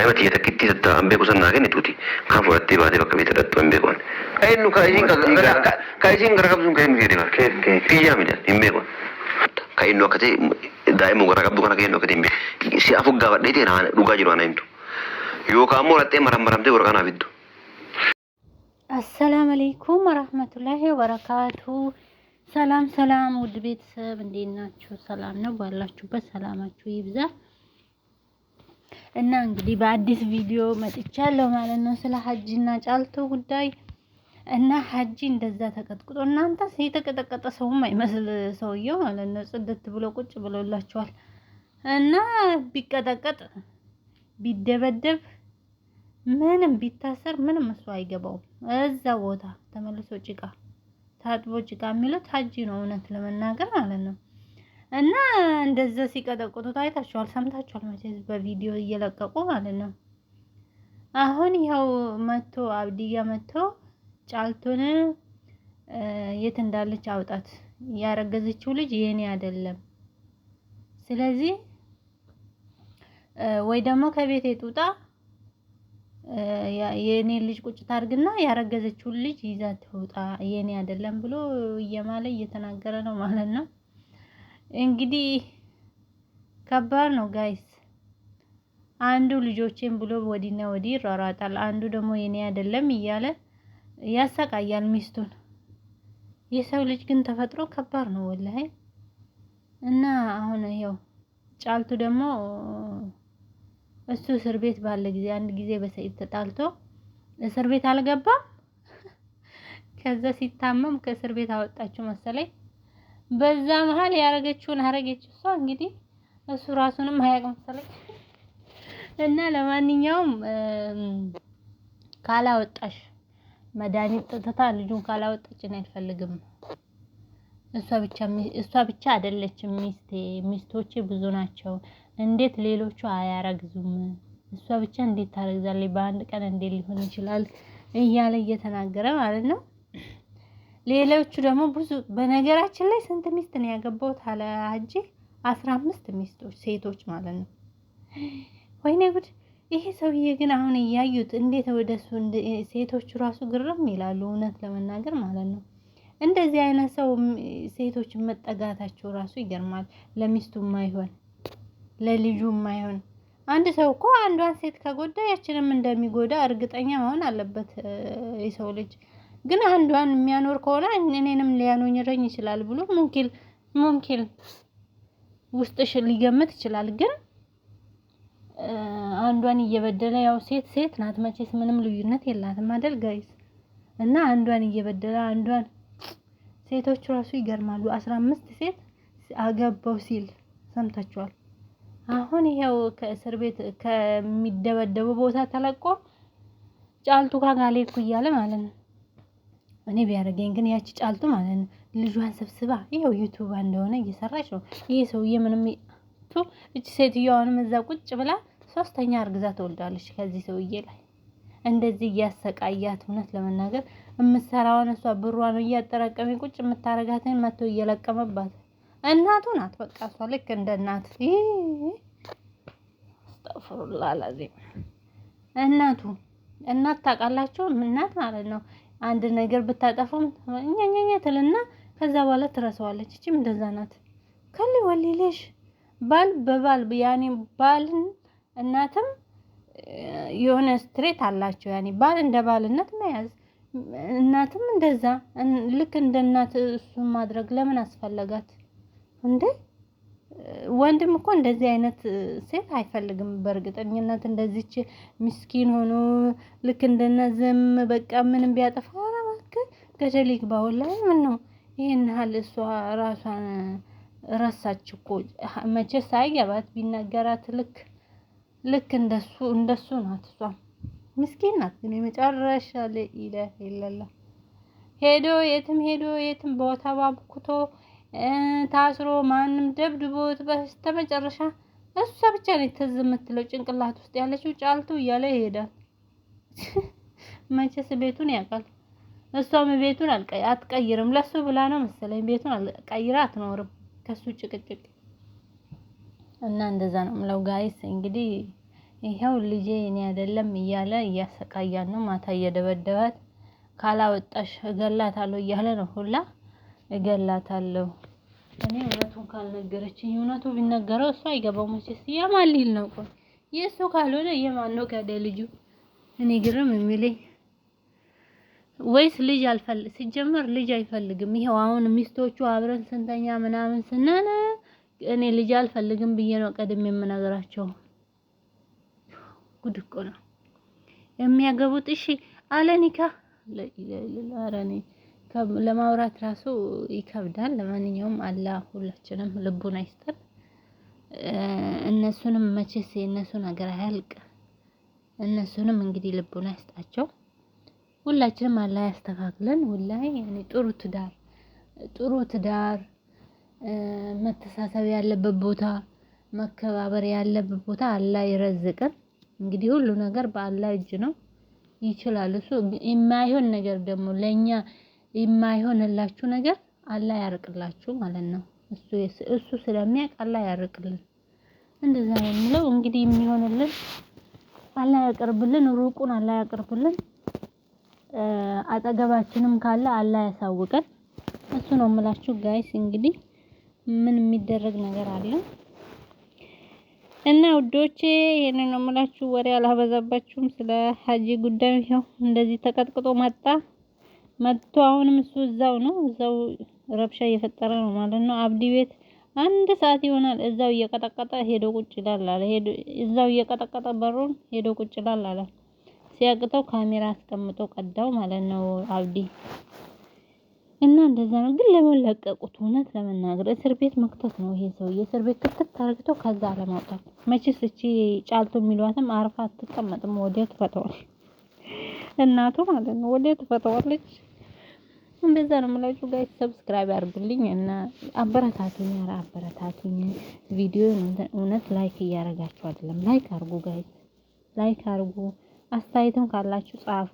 Aimati ya takkittii sattaa an beeku sannaa kennituuti. Kan fudhattee baatee bakka beekte dhattu hin beekuun. Eenyu ka isiin ka isiin gara qabduun ka eenyu jedhee baate. Biyyaa midhaan hin beekuun. Ka eenyu akka ta'e daa'imuma gara qabdu kana ka eenyu akka ta'e hin beeku. Si afu gaafadhee ta'e dhugaa jiru ana himtu. Yookaan immoo maram marammaramtee warra kanaa fiddu. አሰላም አለይኩም ወራህመቱላሂ ወበረካቱ። ሰላም ሰላም፣ ውድ ቤተሰብ እንዴት ናችሁ? ሰላም ነው ባላችሁበት፣ ሰላማችሁ ይብዛ። እና እንግዲህ በአዲስ ቪዲዮ መጥቻለሁ ማለት ነው ስለ ሀጂና ጫልቶ ጉዳይ እና ሀጂ እንደዛ ተቀጥቅጦ እናንተ የተቀጠቀጠ ሰውም አይመስል ሰውየው ማለት ነው። ጽድት ብሎ ቁጭ ብሎላቸዋል። እና ቢቀጠቀጥ ቢደበደብ ምንም ቢታሰር ምንም እሱ አይገባውም። እዛ ቦታ ተመልሶ ጭቃ ታጥቦ ጭቃ የሚሉት ሀጂ ነው እውነት ለመናገር ማለት ነው። እና እንደዛ ሲቀጠቅጡት ታይታችኋል፣ ሰምታችኋል መቼስ በቪዲዮ እየለቀቁ ማለት ነው። አሁን ይኸው መቶ አብዲያ መቶ ጫልቱን የት እንዳለች አውጣት፣ ያረገዘችው ልጅ የኔ አይደለም። ስለዚህ ወይ ደግሞ ከቤት የጡጣ የኔ ልጅ ቁጭ ታርግና ያረገዘችውን ልጅ ይዛ ትውጣ፣ የኔ አይደለም ብሎ እየማለ እየተናገረ ነው ማለት ነው። እንግዲህ ከባድ ነው ጋይስ። አንዱ ልጆቼን ብሎ ወዲና ወዲህ ይሯሯጣል፣ አንዱ ደግሞ የኔ አይደለም እያለ ያሰቃያል ሚስቱን። የሰው ልጅ ግን ተፈጥሮ ከባድ ነው ወላሂ። እና አሁን ይሄው ጫልቱ ደግሞ እሱ እስር ቤት ባለ ጊዜ አንድ ጊዜ በሰይድ ተጣልቶ እስር ቤት አልገባም። ከዛ ሲታመም ከእስር ቤት አወጣችሁ መሰለኝ። በዛ መሀል ያረገችውን አረገችው። እሷ እንግዲህ እሱ ራሱንም ሀያቅ መሰለኝ እና ለማንኛውም ካላወጣሽ መድኃኒት ጥጥታ ልጁን ካላወጣች እኔ አልፈልግም። እሷ ብቻ እሷ ብቻ አይደለችም ሚስቴ፣ ሚስቶቼ ብዙ ናቸው። እንዴት ሌሎቹ አያረግዙም? እሷ ብቻ እንዴት ታረግዛለች? በአንድ ቀን እንዴት ሊሆን ይችላል? እያለ እየተናገረ ማለት ነው። ሌሎቹ ደግሞ ብዙ በነገራችን ላይ ስንት ሚስት ነው ያገባሁት አለ ሀጂ አስራ አምስት ሚስቶች ሴቶች ማለት ነው። ወይኔ ጉድ! ይሄ ሰውዬ ግን አሁን እያዩት እንዴት ወደሱ ሴቶቹ ራሱ ግርም ይላሉ። እውነት ለመናገር ማለት ነው እንደዚህ አይነት ሰው ሴቶች መጠጋታቸው ራሱ ይገርማል። ለሚስቱ ማይሆን ለልጁ ማይሆን አንድ ሰው እኮ አንዷን ሴት ከጎዳ ያችንም እንደሚጎዳ እርግጠኛ መሆን አለበት የሰው ልጅ። ግን አንዷን የሚያኖር ከሆነ እኔንም ሊያኖኝረኝ ይችላል ብሎ ሙንኪል ሙንኪል ውስጥሽ ሊገምት ይችላል። ግን አንዷን እየበደለ ያው ሴት ሴት ናት መቼስ ምንም ልዩነት የላትም አይደል ጋይስ? እና አንዷን እየበደለ አንዷን ሴቶች ራሱ ይገርማሉ። አስራ አምስት ሴት አገባው ሲል ሰምታችኋል። አሁን ይሄው ከእስር ቤት ከሚደበደበው ቦታ ተለቆ ጫልቱ ካጋሌ እኮ እያለ ማለት ነው። እኔ ቢያደርገኝ ግን ያቺ ጫልቱ ማለት ነው ልጇን ሰብስባ ይኸው ዩቱብ እንደሆነ እየሰራች ነው። ይሄ ሰውዬ ምንም እቺ ሴትዮዋንም እዛ ቁጭ ብላ ሶስተኛ እርግዛ ትወልዳለች ከዚህ ሰውዬ ላይ እንደዚህ እያሰቃያት እውነት ለመናገር የምትሰራዋን እሷ ብሯን እያጠራቀመ ቁጭ የምታረጋትን መጥቶ እየለቀመባት እናቱ ናት። በቃ እሷ ልክ እንደ እናት አስተፍሩላ ላዚም እናቱ እናት ታውቃላችሁ፣ እናት ማለት ነው አንድ ነገር ብታጠፋም እኛኛኛ ትልና ከዛ በኋላ ትረሰዋለች እችም እንደዛ ናት። ከሊ ወሊሌሽ ባል በባል ያኔ ባልን እናትም የሆነ ስትሬት አላቸው። ያኔ ባል እንደ ባልነት መያዝ እናትም እንደዛ ልክ እንደ እናት እሱን ማድረግ ለምን አስፈለጋት እንዴ? ወንድም እኮ እንደዚህ አይነት ሴት አይፈልግም። በእርግጠኝነት እንደዚች ምስኪን ሆኖ ልክ እንደነዝም በቃ ምንም ቢያጠፋ እባክህ ገደል ይግባ። ምን ነው ይህን ያህል እሷ ራሷን ረሳች እኮ መቼ ሳይገባት ቢናገራት ልክ ልክ እንደሱ እንደሱ ናት። እሷ ምስኪን ናት። ግን የመጨረሻ ለኢላ ይለላ ሄዶ የትም ሄዶ የትም ቦታ ባብኩቶ ታስሮ ማንም ደብድቦት በስተመጨረሻ እሷ ብቻ ነው ትዝ የምትለው ጭንቅላት ውስጥ ያለችው ጫልቱ እያለ ይሄዳል። መቼስ ቤቱን ያውቃል። እሷም ቤቱን አትቀይርም። ለሱ ብላ ነው መሰለኝ ቤቱን ቀይራ አትኖርም ከሱ ጭቅጭቅ እና እንደዛ ነው ምለው ጋይስ እንግዲህ ይኸው ልጄ እኔ አይደለም እያለ እያሰቃያን ነው። ማታ እየደበደባት ካላወጣሽ እገላታለሁ እያለ ነው ሁላ እገላታለሁ። እኔ እውነቱን ካልነገረችኝ እውነቱ ቢነገረው እሱ አይገባው መቼስ የማን ሊል ነው? ቆይ የእሱ ካልሆነ የማን ነው? ከደ ልጁ እኔ ግርም የሚለኝ ወይስ ልጅ አልፈልግ ሲጀመር ልጅ አይፈልግም። ይሄው አሁን ሚስቶቹ አብረን ስንተኛ ምናምን ስናነ እኔ ልጅ አልፈልግም ብዬ ነው ቀደም የምነግራቸው። ጉድ ነው የሚያገቡት። እሺ አለ ኒካ ለማውራት ራሱ ይከብዳል። ለማንኛውም አላህ ሁላችንም ልቡን አይስጠን። እነሱንም መቼስ የእነሱ ነገር አያልቅ። እነሱንም እንግዲህ ልቡን አይስጣቸው። ሁላችንም አላህ ያስተካክለን። ሁላይ ያኔ ጥሩ ትዳር ጥሩ ትዳር መተሳሰብ ያለበት ቦታ መከባበር ያለበት ቦታ አላህ ይረዝቅን። እንግዲህ ሁሉ ነገር በአላህ እጅ ነው፣ ይችላል እሱ። የማይሆን ነገር ደግሞ ለእኛ የማይሆንላችሁ ነገር አላ ያርቅላችሁ ማለት ነው። እሱ እሱ ስለሚያውቅ አላ ያርቅልን። እንደዛ ነው የምለው። እንግዲህ የሚሆንልን አላ ያቅርብልን፣ ሩቁን አላ ያቅርብልን። አጠገባችንም ካለ አላ ያሳውቀን። እሱ ነው የምላችሁ ጋይስ። እንግዲህ ምን የሚደረግ ነገር አለ እና ውዶቼ ይሄንን ነው የምላችሁ። ወሬ አላበዛባችሁም። ስለ ሀጂ ጉዳይ ይኸው እንደዚህ ተቀጥቅጦ መጣ። መጥቶ አሁንም እሱ እዛው ነው፣ እዛው ረብሻ እየፈጠረ ነው ማለት ነው። አብዲ ቤት አንድ ሰዓት ይሆናል። እዛው እየቀጠቀጠ ሄዶ ቁጭ ይላል አለ። ሄዶ እዛው እየቀጠቀጠ በሩን ሄዶ ቁጭ ይላል አለ። ሲያቅተው ካሜራ አስቀምጦ ቀዳው ማለት ነው አብዲ እና እንደዛ ነው። ግን ለምን ለቀቁት? እውነት ለመናገር እስር ቤት መክተት ነው ይሄ ሰውዬ። እስር ቤት ክትት አርግቶ ከዛ ለማውጣት መቼስ እቺ ጫልቶ የሚሏትም አርፋ አትቀመጥም። ወዲያ ትፈተዋል እናቱ ማለት ነው። ወዲያ ትፈተዋለች። እንደዛ ነው የምላችሁ ጋይስ። ሰብስክራይብ አድርጉልኝ እና አበረታቱኝ። ኧረ አበረታቱኝ። ቪዲዮን እውነት ላይክ እያደረጋችሁ አይደለም። ላይክ አድርጉ ጋይስ፣ ላይክ አድርጉ። አስተያየትም ካላችሁ ጻፉ።